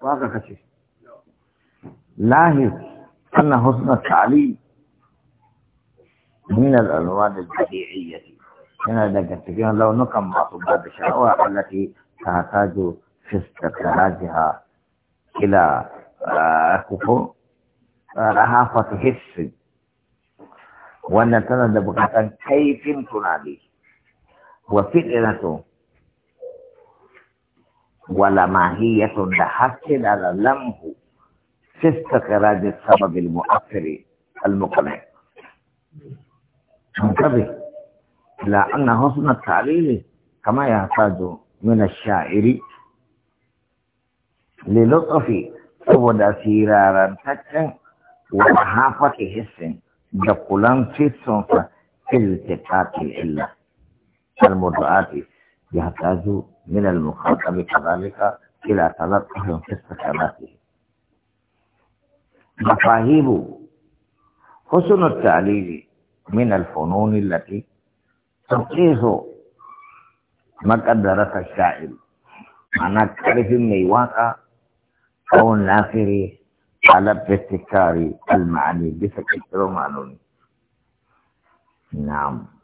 ba ka kace lahir anna husna ta'lim min al-anwar al-tabi'iyyah yana daga cikin launukan masu ba da sha'awa allati ta tajo fiskar darajiha ila ah, kufu ah, rahafatu hissi wannan tana da bukatan kaifin tunani wa fi'ilatu ولا ماهية لحق على لمه في السبب المؤثر المقنع انتبه إلى أن حسن التعليل كما يحتاج من الشاعر للطف سود سيرارا تكا ومحافة حس دخولا في الصنف في التقاط الإلا المدعاة يحتاج من المخاطب كذلك إلى تلقه قصة استكاناته مفاهيم حسن التعليل من الفنون التي تقيس مقدرة الشاعر معنى كرف ميواقع أو النافر على ابتكار المعاني بشكل معنوني نعم